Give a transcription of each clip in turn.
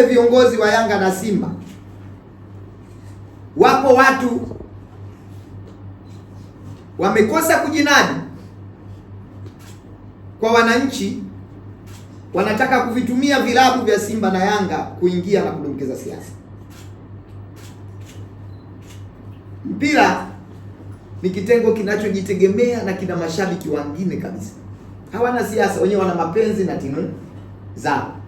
wape viongozi wa Yanga na Simba wapo watu wamekosa kujinadi kwa wananchi, wanataka kuvitumia vilabu vya Simba na Yanga kuingia na kudonkeza siasa. Mpira ni kitengo kinachojitegemea na kina mashabiki wengine kabisa, hawana siasa wenyewe, wana mapenzi na timu zao.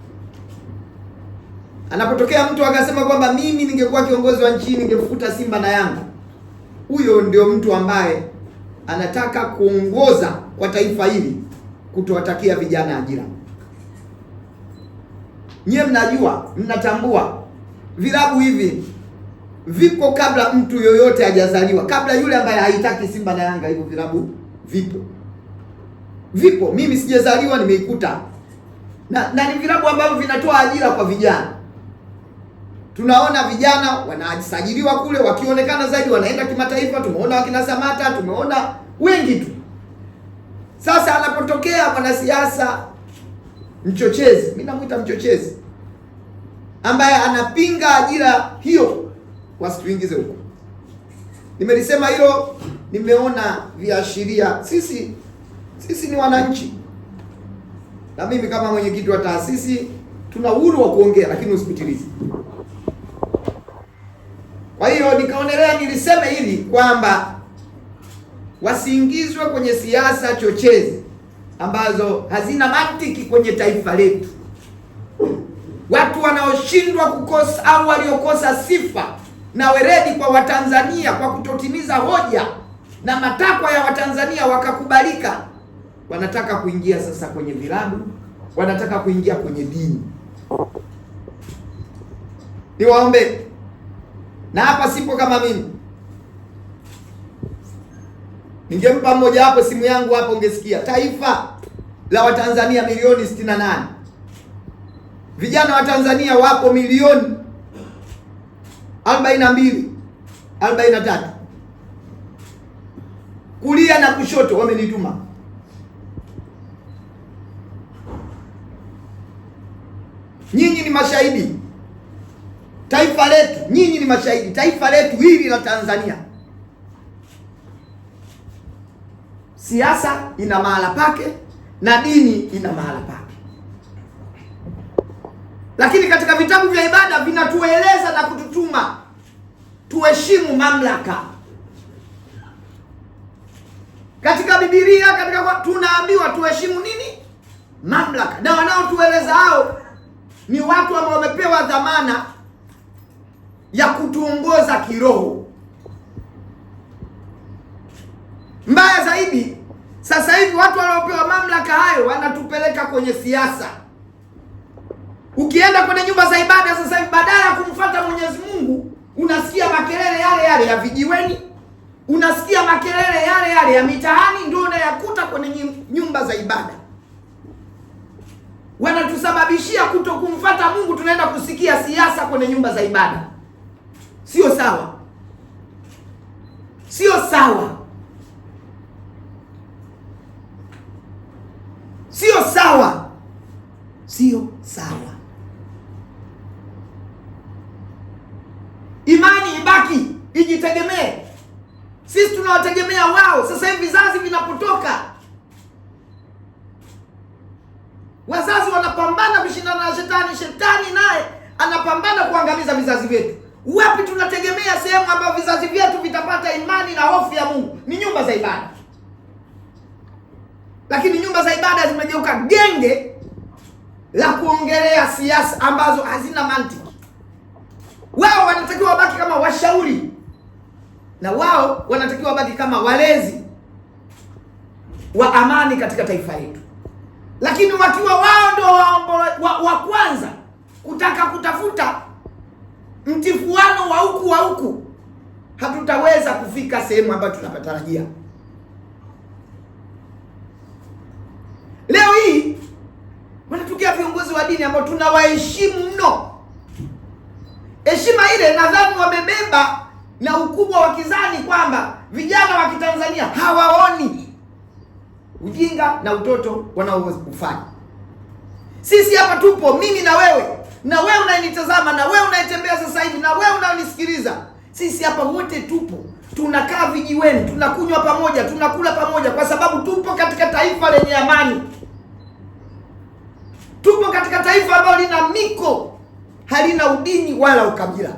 Anapotokea mtu akasema kwamba mimi ningekuwa kiongozi wa nchi ningefuta Simba na Yanga, huyo ndio mtu ambaye anataka kuongoza kwa taifa hili kutowatakia vijana ajira. Nyie mnajua, mnatambua vilabu hivi vipo kabla mtu yoyote hajazaliwa, kabla yule ambaye haitaki Simba na Yanga. Hivyo vilabu vipo, vipo. Mimi sijazaliwa, nimeikuta na, na ni vilabu ambavyo vinatoa ajira kwa vijana tunaona vijana wanajisajiliwa kule, wakionekana zaidi wanaenda kimataifa. Tumeona wakina Samata, tumeona wengi tu. Sasa anapotokea mwanasiasa mchochezi, mimi namuita mchochezi, ambaye anapinga ajira hiyo, wasituingize huko. Nimelisema hilo, nimeona viashiria. Sisi sisi ni wananchi, na mimi kama mwenyekiti wa taasisi tuna uhuru wa kuongea, lakini usipitilize. Kwa hiyo nikaonelea niliseme hili kwamba wasiingizwe kwenye siasa chochezi ambazo hazina mantiki kwenye taifa letu. Watu wanaoshindwa kukosa au waliokosa sifa na weredi kwa Watanzania kwa kutotimiza hoja na matakwa ya Watanzania wakakubalika, wanataka kuingia sasa kwenye vilabu, wanataka kuingia kwenye dini niwaombe, na hapa sipo kama mimi. Ningempa mmoja hapo simu yangu hapo, ungesikia taifa la Watanzania milioni 68 vijana wa Tanzania wapo milioni 42 43, kulia na kushoto wamenituma Nyinyi ni mashahidi, taifa letu, nyinyi ni mashahidi, taifa letu hili la Tanzania. Siasa ina mahala pake na dini ina mahala pake, lakini katika vitabu vya ibada vinatueleza na kututuma tuheshimu mamlaka. Katika Biblia, katika tunaambiwa tuheshimu nini? Mamlaka, na wanaotueleza hao ni watu ambao wamepewa dhamana ya kutuongoza kiroho. Mbaya zaidi, sasa hivi watu waliopewa mamlaka hayo wanatupeleka kwenye siasa. Ukienda kwenye nyumba za ibada sasa hivi, badala ya kumfuata Mwenyezi Mungu, unasikia makelele yale yale ya vijiweni, unasikia makelele yale yale ya mitaani, ndio unayakuta kwenye nyumba za ibada wanatusababishia kuto kumfata Mungu, tunaenda kusikia siasa kwenye nyumba za ibada. Sio sawa, sio sawa, sio sawa, sio sawa. Imani ibaki, ijitegemee. Sisi tunawategemea wao. Sasa hivi vizazi vinapotoka kuangamiza vizazi vyetu. Wapi tunategemea sehemu ambayo vizazi vyetu vitapata imani na hofu ya Mungu? Ni nyumba za ibada, lakini nyumba za ibada zimegeuka genge la kuongelea siasa ambazo hazina mantiki. Wao wanatakiwa wabaki kama washauri na wao wanatakiwa wabaki kama walezi wa amani katika taifa letu, lakini wakiwa wao ndio wa, wa, wa kwanza kutaka kutafuta mtifuano wa huku wa huku, hatutaweza kufika sehemu ambayo tunapatarajia. Leo hii wanatokea viongozi wa dini ambao tunawaheshimu mno, heshima ile nadhani wamebeba na ukubwa wa kizani kwamba vijana wa Kitanzania hawaoni ujinga na utoto kufanya Sisi hapa tupo, mimi na wewe na wewe unanitazama, na wewe unayetembea sasa hivi, na wewe unayonisikiliza, sisi hapa wote tupo, tunakaa vijiweni, tunakunywa pamoja, tunakula pamoja, kwa sababu tupo katika taifa lenye amani, tupo katika taifa ambalo lina miko, halina udini wala ukabila.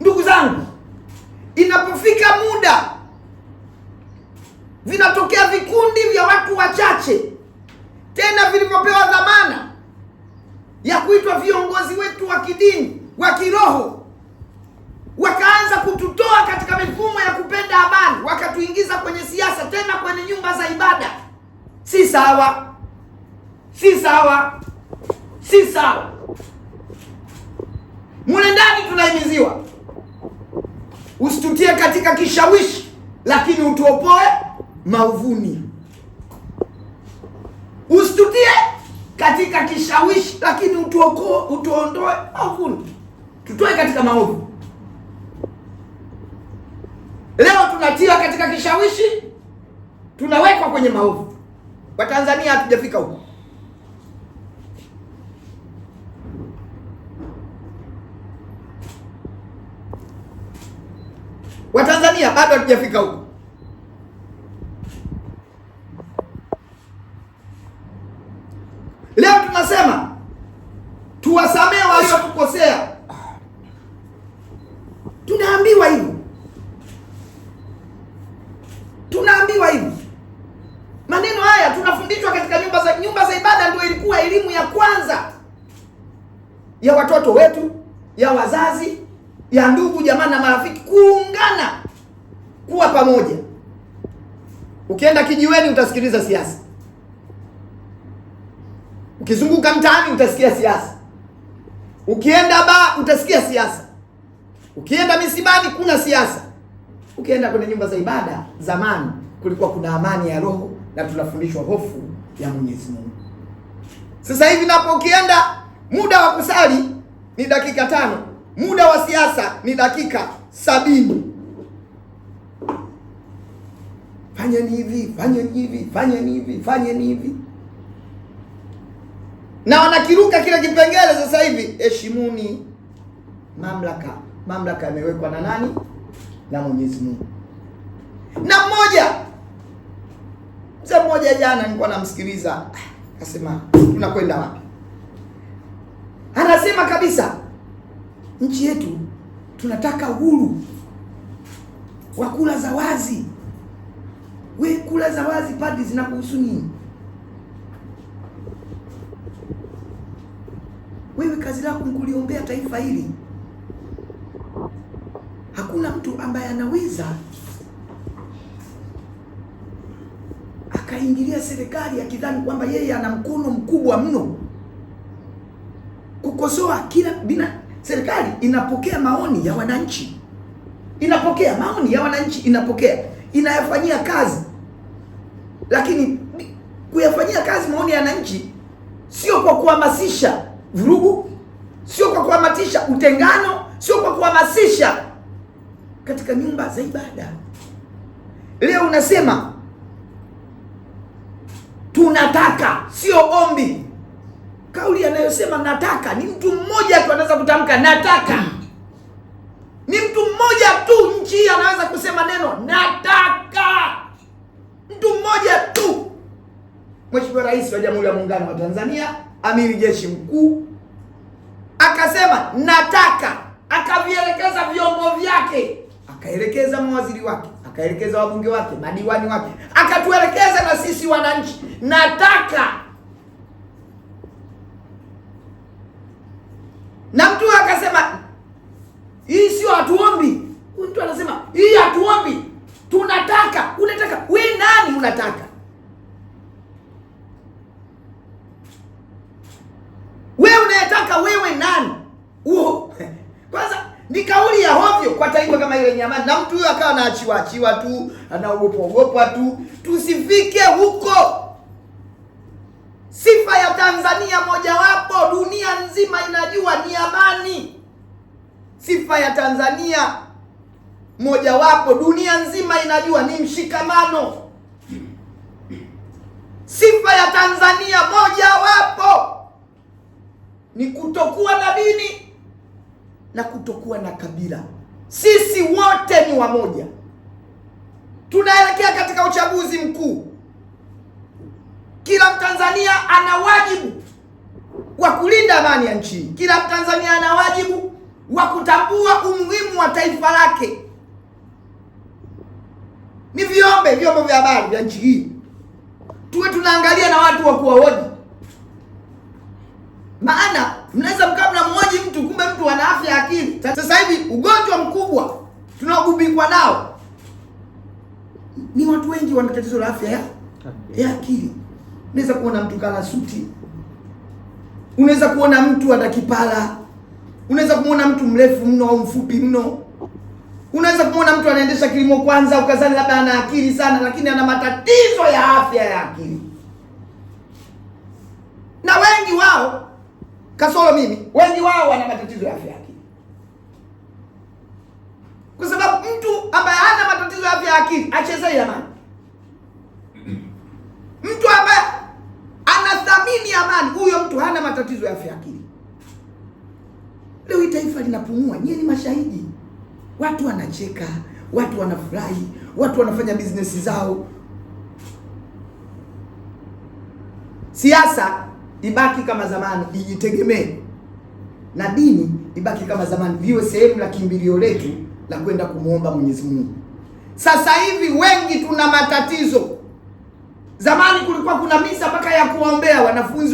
Ndugu zangu, inapofika muda vinatokea vikundi vya watu wachache, tena vilivyopewa dhamana ya kuitwa viongozi wetu wa kidini, wa kiroho, wakaanza kututoa katika mifumo ya kupenda habari, wakatuingiza kwenye siasa, tena kwenye nyumba za ibada. Si sawa, si sawa, si sawa. Mule ndani tunahimiziwa usitutie katika kishawishi, lakini utuopoe mauvuni, usitutie katika kishawishi, lakini utuokoe, utuondoe maovuni, tutoe katika maovu. Leo tunatiwa katika kishawishi, tunawekwa kwenye maovu. Watanzania hatujafika huko. Watanzania bado hatujafika huko. watoto wetu, ya wazazi, ya ndugu jamaa na marafiki, kuungana kuwa pamoja. Ukienda kijiweni utasikiliza siasa, ukizunguka mtaani utasikia siasa, ukienda ba utasikia siasa, ukienda misibani kuna siasa, ukienda kwenye nyumba za ibada. Zamani kulikuwa kuna amani ya roho na tunafundishwa hofu ya Mwenyezi Mungu. Sasa hivi napo ukienda muda wa kusali ni dakika tano. Muda wa siasa ni dakika sabini. Fanyeni hivi, fanyeni hivi, fanyeni hivi, fanyeni hivi, na wanakiruka kile kipengele sasa hivi. Heshimuni mamlaka. Mamlaka imewekwa na nani? Na Mwenyezi Mungu. Na mmoja mzee mmoja, jana nilikuwa namsikiliza, akasema tunakwenda wapi? Anasema kabisa nchi yetu tunataka uhuru wa kula za wazi. We, kula za wazi padi zinakuhusu nini? Wewe kazi lako kuliombea taifa hili. Hakuna mtu ambaye anaweza akaingilia serikali akidhani kwamba yeye ana mkono mkubwa mno kukosoa kila bina. Serikali inapokea maoni ya wananchi, inapokea maoni ya wananchi, inapokea inayafanyia kazi, lakini kuyafanyia kazi maoni ya wananchi sio kwa kuhamasisha vurugu, sio kwa kuhamasisha utengano, sio kwa kuhamasisha katika nyumba za ibada. Leo unasema tunataka, sio ombi kauli anayosema nataka ni mtu mmoja tu anaweza kutamka nataka. Ni mtu mmoja tu nchi anaweza kusema neno nataka, mtu mmoja tu. Mheshimiwa Rais wa Jamhuri ya Muungano wa Tanzania, amiri jeshi mkuu akasema nataka, akavielekeza vyombo vyake, akaelekeza mawaziri wake, akaelekeza wabunge wake, madiwani wake, akatuelekeza na sisi wananchi, nataka na mtu akasema hii sio hatuombi. Huyu mtu anasema hii hatuombi, tunataka. Unataka we nani? Unataka we, unayetaka wewe nani? Uo kwanza ni kauli ya hovyo kwa taifa kama ile nyamani, na mtu huyo akawa anaachiwa achiwa tu, anaogopa ogopa tu, tusifike huko. Sifa ya Tanzania mojawapo dunia nzima inajua ni amani. Sifa ya Tanzania mojawapo dunia nzima inajua ni mshikamano. Sifa ya Tanzania mojawapo ni kutokuwa na dini na kutokuwa na kabila. Sisi wote ni wamoja. Tunaelekea katika uchaguzi mkuu. Kila Mtanzania ana wajibu wa kulinda amani ya nchi. Kila Mtanzania ana wajibu wa kutambua umuhimu wa taifa lake. Ni viombe vyombo vya habari vya nchi hii tuwe tunaangalia na watu wa kuwahoji, maana mnaweza mkaa mnamhoji mtu, kumbe mtu ana afya ya akili. Sasa hivi ugonjwa mkubwa tunaogubikwa nao ni watu wengi wana tatizo la afya ya akili. Unaweza kuona mtu kala suti, unaweza kuona mtu ana kipara, unaweza kumwona mtu mrefu mno au mfupi mno, unaweza kumwona mtu anaendesha kilimo kwanza, ukazani labda ana akili sana, lakini ana matatizo ya afya ya akili, na wengi wao kasoro mimi, wengi wao wana matatizo ya afya ya akili, kwa sababu mtu ambaye hana matatizo ya afya ya akili achezei jamani. mtu ambaye mimi amani, huyo mtu hana matatizo ya afya akili. Leo hii taifa linapumua, nyie ni mashahidi. Watu wanacheka, watu wanafurahi, watu wanafanya bizinesi zao. Siasa ibaki kama zamani, ijitegemee, na dini ibaki kama zamani, viwe sehemu la kimbilio letu la kwenda kumwomba Mwenyezi Mungu. Sasa hivi wengi tuna matatizo Zamani kulikuwa kuna misa mpaka ya kuombea wanafunzi